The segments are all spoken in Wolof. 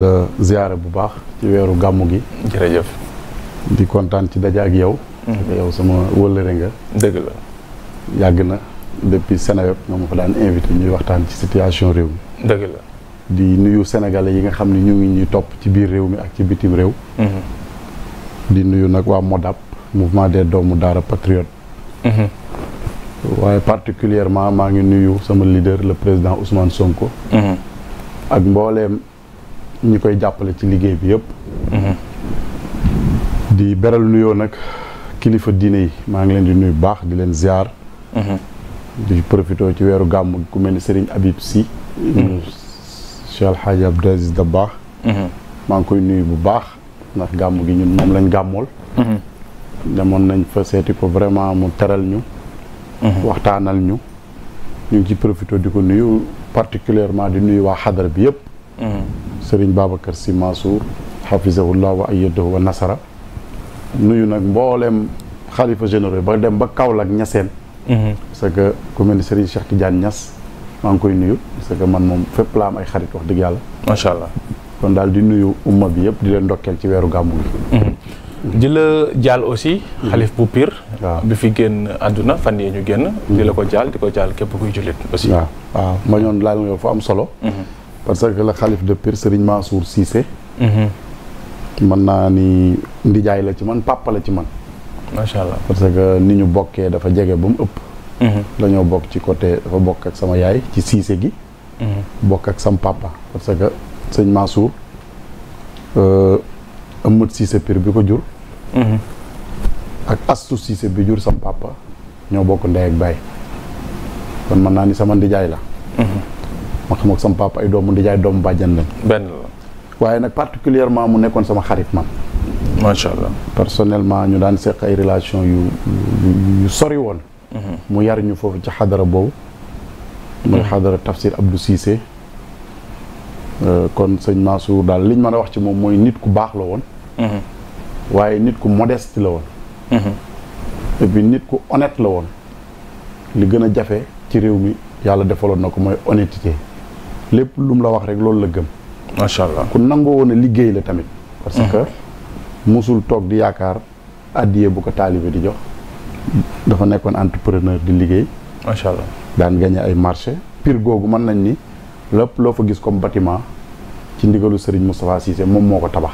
la euh, ziyaare bu baax ci weeru gàmmu gi. jërëjëf. di kontaan ci daje ak yow. Mhm. yow sama wëllëre nga. yàgg na depuis Seneweb nga ma fa daan invité ñuy waxtaan ci situation réew mi. di nuyu sénégalais yi nga xam ne ñu ngi ñuy topp ci biir réew mi ak ci bitim réew. Mhm. di nuyu nag waa MODAP mouvement des doomu daara patriote. Mhm. waaye particulièrement maa ngi nuyu sama leader le président Ousmane Sonko. ak mbooleem. ñu koy jàppale ci liggéey bi yëpp. Mhm. di beral nuyoo nag kilifa diine yi maa ngi leen di nuyu baax di leen ziar. Mhm. di profité ci weeru gàmm ku mel ni Serigne Habib Sy. Mhm. Cheikh El Hadj Abdou Aziz Dabakh. maa ngi koy nuyu bu baax ndax gàmm gi ñun moom lañ gàmmool. demoon nañ fa seeti ko vraiment mu teral ñu. waxtaanal ñu. ñu ngi ci profité di ko nuyu particulièrement di nuyu waa xadar bi yëpp. sëriñ Babacar Sy Mansour xafisahullah wa ayyadahu wa nasara nuyu nag mbooleem xalifa généraux ba dem ba Kaolack ñaseen mhm. parce que ku mel ni sëriñ maa ngi koy nuyu parce que man moom fépp laa am ay xarit wax dëgg yàlla macha allah kon daal di nuyu umma bi yëpp di leen ndokkeel ci weeru gàmmu gi mhm. di la jaal aussi mhm. xalif bu piir waaw bi fi génn àdduna fan yee ñu génn di la ko jaal di ko jaal képp kuy jullit aussi waaw waaw laal nga yow fa am solo parce que le xalif de Pire Serigne Mansour Cissé. Mhm. mën naa ni ndijaay la ci man papa la ci man. macha allah parce que ni ñu bokkee dafa jege ba mu ëpp. lañoo mhm. bokk ci côté dafa bokk ak sama yaay ci Cissé gi. Mhm. bokk ak sam papa parce que sëñ Mansour euh, Amadou Cissé Pire bi ko jur. ak Astou Cissé bi jur sam papa ñoo bokk ndey ak baay kon mën naa ni sama ndijaay la. ma xam ak sama papa ay doomu ndijaay doomu bàjjan lañ. benn la. waaye nag particulièrement mu nekkoon sama xarit man. macha allah personnellement ñu daan seq ay relation yu sori woon. Mhm. mu yariñu foofu ci xadara boobu. mooy mhm. xadara tafsir Abdou Cissé. Euh, kon sëñ Mansour daal liñ mën a wax ci moom mooy nit ku baax la woon. Mhm. waaye nit ku modeste la woon. et nit ku honnête la woon. li gën a jafe ci réew mi yàlla defaloon na ko mooy honnêteté. lépp lu mu la wax rek loolu la gëm. macha allah ku nangoo woon a liggéey la tamit. parce que mosul toog di yaakaar addiye bu ko taalibe di jox. dafa nekkoon entrepreneur di liggéey. macha allah daan gagné ay marché pire googu mën nañ ni lépp loo fa gis comme bâtiment ci ndigalu Serigne Moustapha Cissé moom moo ko tabax.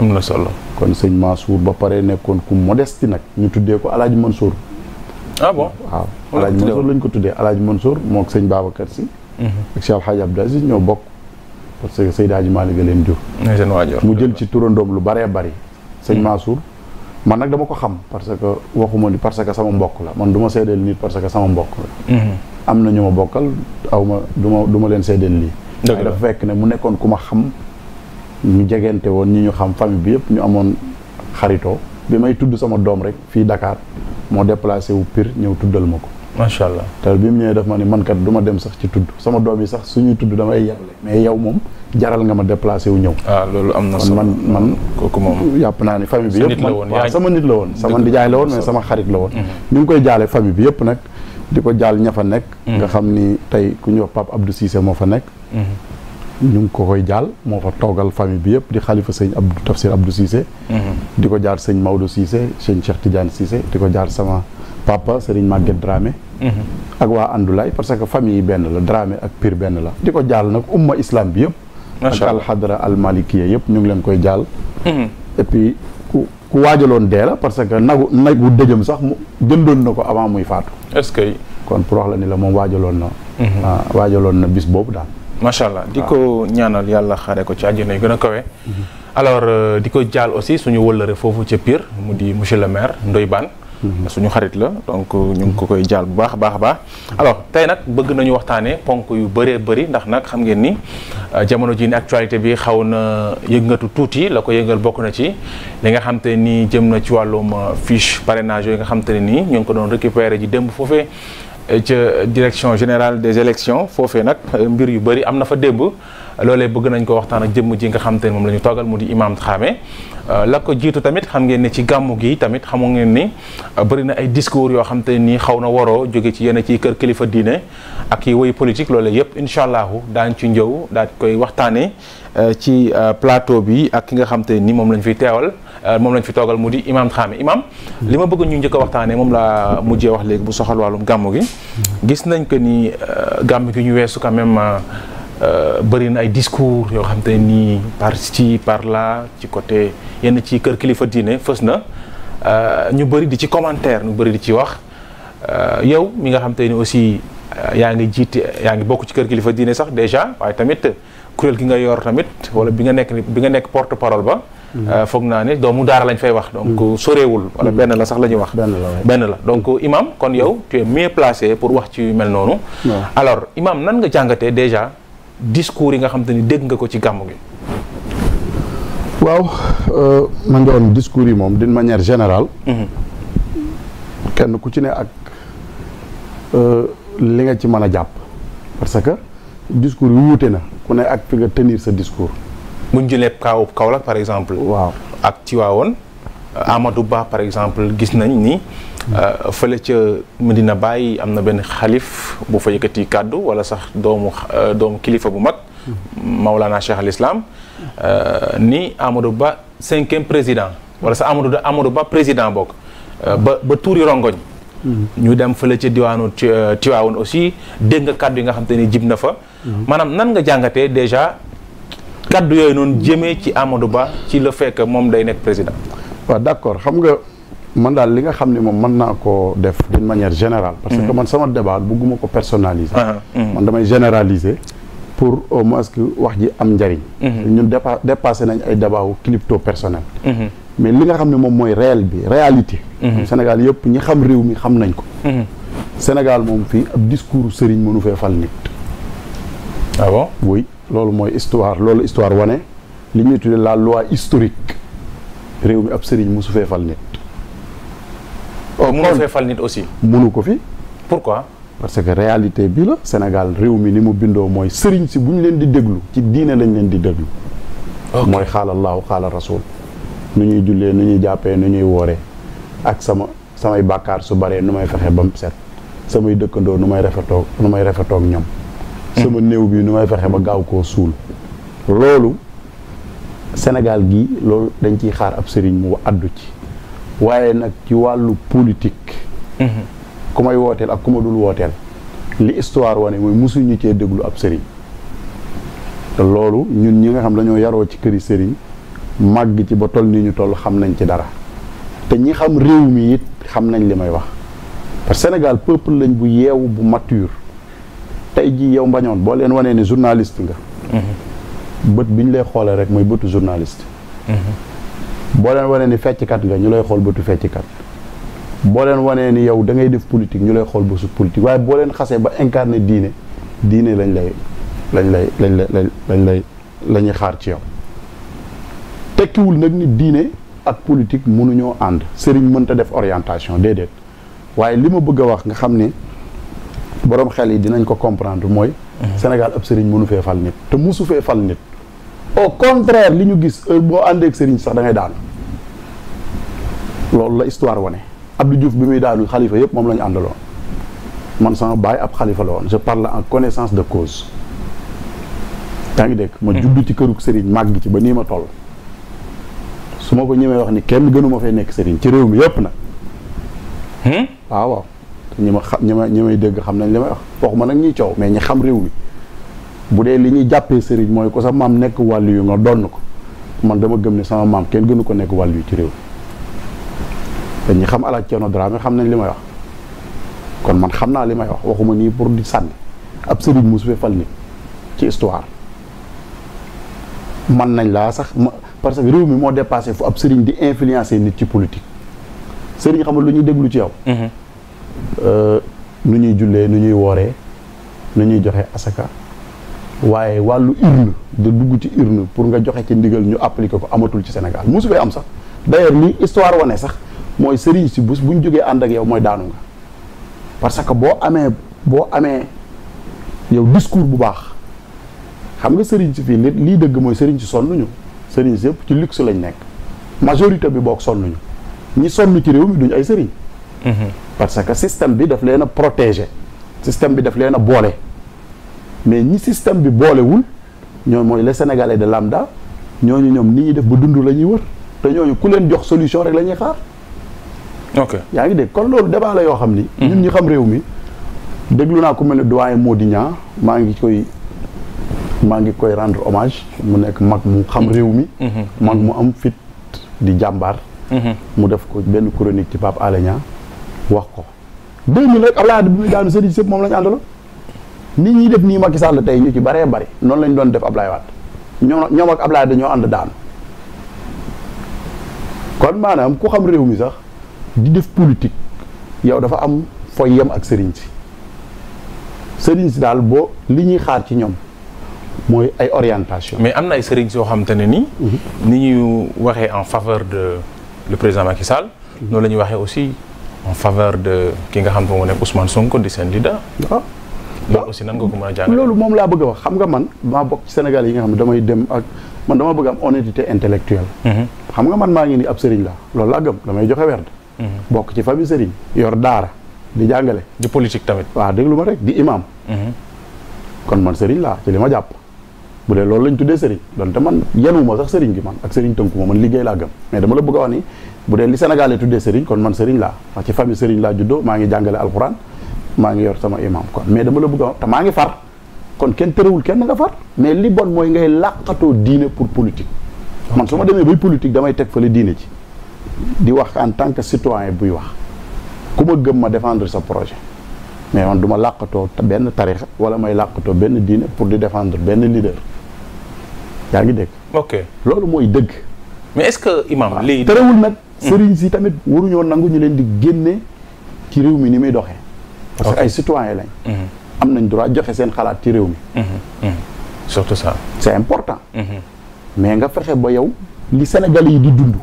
am na solo kon sëñ suur ba pare nekkoon ku modeste nag ñu tuddee ko El mën Mansour. ah bon waaw El Hadj Mansour lañ ko tuddee El Hadj Mansour moog sëñ Babacar si. ak Cheikh Alhaji Abdou Aziz ñoo bokk parce que Seydi Hadji Malick a leen jur mu jël ci turandoom lu baree bari sëñ mm-hmm. Mansour man nag dama ko xam parce que waxuma ni parce que sama mbokk la man du ma seedeel nit parce que sama mbokk mm-hmm. am na ñu ma bokkal aw ma du ma du ma leen seedeel lii waaye dafa fekk ne mu nekkoon ku ma xam ñu jegente woon ñi ñu xam famille bi yëpp ñu amoon xaritoo bi may tudd sama doom rek fii Dakar moo déplacé wu Pire ñëw tuddal ma ko macha allah te bi mu ñëwee daf ma ne man kat dem sax ci tudd sama doom yi sax suñuy tudd damay yàble mais yow moom jaral nga ma déplacé wu ñëw. Ah, loolu am na man man kooku moom yàpp naa ni famille bi yëpp waaw sama nit la woon sama ndijaay la woon mais sama xarit la woon ñu mhm. ngi koy jaale famille bi yëpp nag di ko jaal ña fa nekk mhm. nga xam ni tey ku ñuy pap Pape Abdou moo fa nekk mhm. ñu ngi ko koy jaal moo fa toogal famille bi yëpp di xalifa sëñ Abdou Tafsir Abdou Cissé di ko jaar sëñ Maodo Cissé sëñ Cheikh Tidiane di ko jaar sama papa Serigne magge Dramé. Mm-hmm. ak waa Andulaay parce que famille yi benn la Dramé ak Pire benn la. di ko jaal nag umma islam bi yëpp. macha allah ak alxadra almalikiya yëpp ñu ngi leen koy jaal. Mm-hmm. et puis ku ku waajaloon dee la parce que nagu nagu dëjëm sax mu jëndoon na ko avant muy faatu. est-ce que. kon pour wax la ni la moom waajaloon na. Mm-hmm. Ah, waajaloon na bis boobu daal. macha allah di ko ñaanal yàlla xaaree ko ci àjjana yu gën a kawe. alors euh, di ko jaal aussi suñu wëllëre foofu ca Pire mu di monsieur le maire Ndoye Mhm. suñu xarit la donc ñu ngi ko koy jaal bu baax a baax a baax alors tey nag bëgg nañu waxtaanee ponk yu bëree bëri ndax nag xam ngeen ni euh, jamono ji ni actualité bi xaw na yëngatu tuuti la ko yëngal bokk na ci li nga xam te ni jëm na ci wàllum euh, fiche parrainage yooyu nga xam te ne nii ñu ngi ko doon récupérer ji démb foofee euh, ca direction général des élections foofee nag mbir yu bëri am na fa démb loole bëgg nañ ko waxtaan ak jëmm ji nga xam te moom la ñu mu di imam Dramé euh, la ko jiitu tamit xam ngeen ne ci gàmmu gi tamit xamu ngeen ni euh, bëri na ay discours yoo xam te nii xaw na waroo jóge ci yenn ci kër kilifa diine ak yi woy politique loole yëpp incha allahu daañ ci njëw daal koy waxtaanee euh, ci plateau bi ak ki nga xam te moom lañu fi teewal moom lañ fi toogal mu di imam Dramé imam li ma bëgg ñu njëkk a waxtaanee moom laa mujjee wax léegi bu soxal wàllum gàmmu gi mm-hmm. gis nañ ko ni gàmmu gi ñu weesu quand même Euh, bëri na ay discours yoo xam te nii par ci par la ci côté yenn ci kër kilifa diine fës na euh, ñu bëri di ci commentaire ñu bëri di ci wax euh, yow mi nga xam te ni aussi yaa ngi jiite yaa ngi bokk ci kër kilifa diine sax déjà waaye tamit kuréel gi nga yor tamit wala bi nga nekk bi nga nekk porte parole ba. Mhm. foog naa ne doomu daara lañ fay wax. Mhm. donc sorewul wala mhm. benn la sax la ñuy wax. benn la donc imam kon yow tu es mieux pour wax ci mel noonu. alors imam nan nga jàngatee déjà. discours yi nga xam ni dégg nga ko ci gàmmu gi. waaw euh, ma ngi doon discours yi moom d'une manière général mhm. kenn ku ci ne ak euh, li nga ci mën a jàpp parce que discours yu wuute na ku ne ak fi nga tenir sa discours. buñ jëlee kaw Kaolack par exemple. waaw ak Tivaouane Amadou Ba par exemple gis nañ nii Euh, fële ca Medina Baye am na benn xalif bu fa yëkkati kàddu wala sax doomu euh, doomu kilifa bu mag. Maulana Cheikh al Islam euh, ni Amadou Ba cinquième président wala sax Amadou Amadou Ba président boog ba ba tuuri rongoñ. Mm-hmm. ñu dem fële ca diwaanu Tiwaawoon aussi dégg nga kàddu yi nga xam te ni jib na fa. Mm-hmm. maanaam nan nga jàngatee déjà kàddu yooyu noonu jëmee ci Amadou Ba ci la fekk moom day nekk président. waaw d'accord man daal li nga xam ne moom mën naa ko def d'une manière générale parce que mhm. man sama débat bugguma ko personnaliser ah, ah. Mhm. man damay généraliser pour au moins que wax ji am njariñ mhm. ñun dépa dépassé nañ ay débat wu personnel mais li nga xam ne moom mooy réel bi réalité Sénégal yëpp ñi xam réew mi xam nañ ko Sénégal moom fii ab discours sëriñ mënu fee fal nit ah bon loolu mooy histoire loolu histoire wane li ñuy tuddee la loi historique réew mi ab sëriñ mosu fee fal Oh, mënoo fee fal nit aussi. munu ko fi. pour pourquoi. parce que réalité bi la Sénégal réew mi ni mu bindoo mooy sëriñ si bu ñu leen di déglu ci diine lañ leen di déglu. mooy xaalallaahu xaala rasul nu ñuy jullee nu ñuy jàppee nu ñuy wooree ak sama samay bàkkaar su baree nu may fexe ba mu set samay dëkkandoo nu may rafetoo nu may rafetoog ñoom. Hmm. sama néew bi nu may fexe ba gaaw koo suul. loolu Sénégal gi loolu dañ ciy xaar ab sëriñ mu àddu ci. waaye nag ci wàllu politique. Mhm. ku may wooteel ak ku ma dul wooteel li histoire wane mooy mosuñu cee déglu ab sëriñ te loolu ñun ñi nga xam dañoo yaroo ci këri sëriñ màgg ci ba toll ni ñu toll xam nañ ci dara te ñi xam réew mi it xam nañ li may wax parce que Sénégal pëpp lañ bu yeew bu mature tey jii yow mbañoon boo leen wanee ne journaliste nga mhm. bët bi ñu lay xoolee rek mooy bëtu journaliste mhm. boo leen wanee ni fecckat nga ñu lay xool bëtu kat boo leen wanee ni yow da ngay def politique ñu lay xool bësu politique waaye boo leen xasee ba incarné diine diine lañ lay lañ lay lañ lay lañ lay la ñuy xaar ci yow tekkiwul nag ni diine ak politique mënuñoo ànd sëriñ mënta def orientation déedéet waaye li ma bëgg a wax nga xam ni boroom xel yi dinañ ko comprendre mooy mhm. Sénégal ab sëriñ mënu fee fal nit te musu fee fal nit au contraire li ñu gis boo àndee ak sëriñ sax da ngay loolu la histoire wane Abdou Diouf bi muy daanu xalifa yëpp moom lañu ñu àndaloon man sama baay ab xalifa la woon je parle en connaissance de cause yaa ngi dégg ma hmm. juddu ci kërug sëriñ màgg ci ba nii ma toll su ma ko ñemee wax ni kenn gënu ma fay nekk sëriñ ci réew mi yëpp na hmm? waaw waaw ñi ma xam ñi ma ñi may dégg xam nañ li may wax waxuma nag ñuy coow mais ñi xam réew mi bu dee li ñuy jàppee sëriñ mooy ko sa maam nekk wàllu yu nga donn ko man dama gëm ne sama maam kenn gënu ko nekk wàllu yu ci réew mi dañuy xam alaaj Ceerno Dramé xam nañ li may wax kon man xam naa li may wax waxuma nii pour di sànni ab sëriñ mosu fal nit ci histoire man nañ laa sax parce que réew mi moo dépassé fu ab sëriñ di influencer nit ci politique sëriñ xam lu ñuy déglu ci yow mm-hmm. euh, ñuy jullee nu ñuy wooree nu ñuy joxe asaka waaye wàllu urne de dugg ci urne pour nga joxe ci ndigal ñu appliquer ko amatul ci Sénégal mosu fee am sax d'ailleurs li histoire wane sax mooy sëriñ si bés bu ñu jógee ànd ak yow mooy daanu nga parce que boo amee boo amee yow discours bu baax xam nga sëriñ si fii li lii dëgg mooy sëriñ si sonnuñu sëriñ si yëpp ci luxe lañ nekk majorité bi boog ñu ñi sonn ci réew mi duñ ay sëriñ. Mhm. parce que système bi daf leen a protéger. système bi daf leen a boole. mais ñi système bi boolewul ñoo mooy les sénégalais de lambda ñooñu ñoom ni ñuy def bu dundu la ñuy wër te ñooñu ku leen jox solution rek lañuy ñuy xaar. yaa ngi dégg kon loolu débat la yoo xam ni. Mm-hmm. ñun ñi xam réew mi déglu naa ko mel ne doyen Mody Niang maa ngi koy maa ngi koy rendre hommage mu nekk mag mu xam réew mi. Mm-hmm. mag mu mm-hmm. am fit di jàmbaar. mu def ko benn chronique ci Pape Alé Niang wax ko. 2000 rek Abdoulaye Wade muy daanu sëriñ sëpp moom la ñu àndaloon. nit ñi def nii Macky Sall tey ñu ci baree bari noonu lañ doon def Ablaye Wade ñoom ñoom ak Ablaye dañoo ànd daanu kon maanaam ku xam réew mi sax di def politique yow dafa am fooy yem ak sëriñ si sëriñ si daal boo li ñuy xaar ci ñoom mooy ay orientation mais am na ay sëriñ soo xamante ne nii ni mhm. ñuy waxee en faveur de le président Macky Sall. Mhm. noonu la ñuy waxee aussi en faveur de ki nga xam ne moo nekk Ousmane Sonko di seen leader. Ah. loolu aussi nan nga ko mën a moom laa bëgg a wax xam nga man maa bokk ci Sénégal yi nga xam ne damay dem ak man dama bëgg am honnêteté intellectuelle mhm. xam nga man maa ngi ni ab sëriñ la loolu laa gëm damay joxe werd mhm. bokk ci famille sëriñ yor daara di jàngale di politique tamit waa déglu ma rek di imam mhm. kon man sëriñ laa ci li ma jàpp bu dee loolu lañ tuddee sëriñ donte man yanuma sax sëriñ gi man ak sëriñ tënkuma man liggéey laa gëm mais dama la bëgg a wax ni bu dee li Sénégalais maa ngi jàngale alxuraan maa ngi yor sama imam kon mais dama la bëgg a te maa ngi far kon kenn terewul kenn nga far mais li bon mooy ngay làqatoo diine pour politique man su ma demee bay politique damay teg fële diine ci di wax en tant que citoyen buy wax ku ma gëm ma défendre sa projet mais man duma ma làqatoo benn tarixa wala may làqatoo benn diine pour di defendre benn leader yaa ngi dégg. ok loolu mooy dëgg. mais est-ce que imam ah, lii terewul nag. Hmm. sëriñ si tamit waruñoo nangu ñu leen di génne ci réew mi ni muy doxee. parce que ay citoyen lañ. Mhm. am nañ du droit joxe seen xalaat ci réew mi. Mhm. Mhm. surtout ça. c'est important. mais nga fexe ba yow li Sénégal yi di dund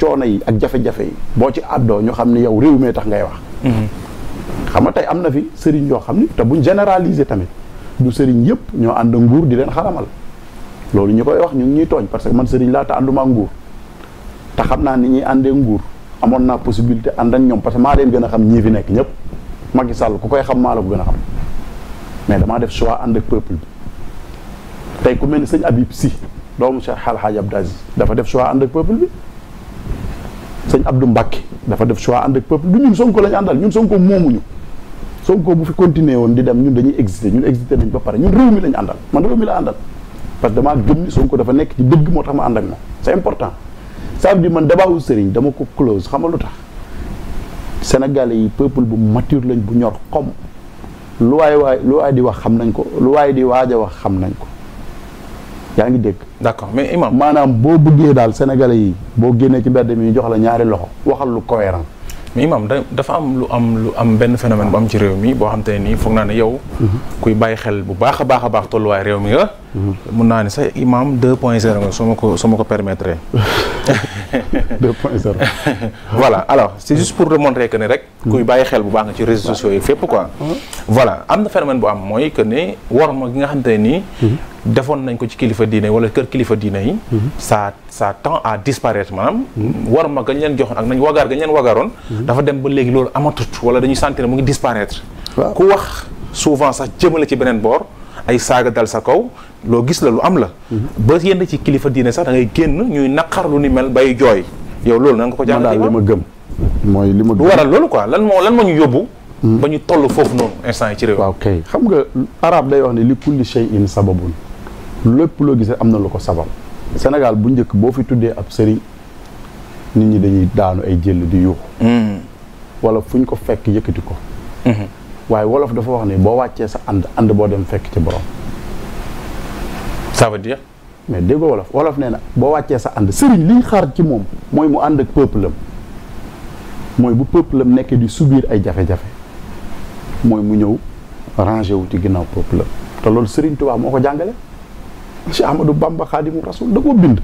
coono yi ak jafe-jafe yi boo ci àddoo ñu xam ne yow réew mee tax ngay wax. xam nga tey am na fi sëriñ yoo xam ni te buñ généraliser tamit du sëriñ yëpp ñoo ànd nguur di leen xaramal loolu ñu koy wax ñu ngi ñuy tooñ parce que man sëriñ laa te ànduma nguur te xam naa ni ñuy àndee nguur amoon naa possibilité ànd ak ñoom parce que maa leen gën xam ñii fi nekk ñëpp. Macky Sall ko koy xam maa la ko gën a xam mais damaa def choix and ak peuple bi tey ku mel ni sëñ Habib Sy doomu Cheikh Alhaji Abdou Aziz dafa def choix ànd ak peuple bi sëñ Abdou Mbacké dafa def choix ànd ak peuple bi ñun Sonko lañu àndal ñun Sonko moomuñu Sonko bu fi continuer woon di dem ñun dañuy exister ñun exister dañ ba pare ñun réew mi lañu àndal man réew mi la àndal parce que damaa gëm ni Sonko dafa nekk ci dëgg moo tax ma ànd moom c'est important ça veut man débat wu sëriñ dama ko close xamal lu tax Sénégalais yi peuple bu mature lañ bu ñor xom lu waaye waay lu waay di wax xam nañ ko lu waaye di waaja wax xam nañ ko yaa ngi dégg. d'accord mais imam maanaam boo bëggee daal sénégalais yi boo génnee ci mbedd mi jox la ñaari loxo waxal lu cohérent mais imam dafa am lu am lu am benn phénomène bu ci réew mi boo xam te ne nii foog naa ne yow. Mhm. kuy bàyyi xel bu baax a baax a baax tolluwaay réew mi nga. Mhm. mun naa ne sax imam 2.0 nga su ma ko su ko permettre. deux point voilà alors c'est juste pour remontrer que ne rek kuy bàyyi xel bu baax nga ci réseaux sociaux yi fépp quoi voilà am na phénomène bu am mooy que ne war ma gi nga xamante ne nii mhm. defoon nañ ko ci kilifa diine wala kër kilifa diine yi mhm. ça ça tend à disparaître maanaam mhm. war ma gañ leen joxoon ak nañu wagaar gañ leen wagaroon dafa dem ba léegi loolu amatut wala dañuy sentir mu ngi disparaître ku wax souvent sax jëmale ci beneen boor ay saaga dal sa kaw loo gis la lu am la mhm. ba yenn ci kilifa diine sax da ngay génn ñuy naqar lu ni mel bay jooy yow loolu na nga ko jàng daal li ma gëm mooy li ma du waral loolu quoi lan moo lan moo ñu yóbbu hmm. ba ñu toll foofu noonu instant yi ci réew waaw kay xam nga arab day wax ne li kulli shay'in sababun lépp loo gisee am na lu ko sabab Sénégal bu njëkk boo fi tuddee ab sëriñ nit ñi dañuy daanu ay jël di yuuxu hmm. wala fu ñu ko fekk yëkkati ko hmm. waaye wolof dafa wax ni boo wàccee sa ànd ànd boo dem fekk ci borom. ça veut mais déggoo wolof wolof nee na boo wàccee sa ànd sëriñ liñ xar ci moom mooy mu ànd ak peuple am mooy bu peuple am nekkee di subir ay jafe-jafe mooy mu ñëw rangé wu ci ginnaaw peuple am te loolu sëriñ Tuubaa moo ko jàngale. Cheikh Ahmadou Bamba Xaadimu Rasuul da koo bind.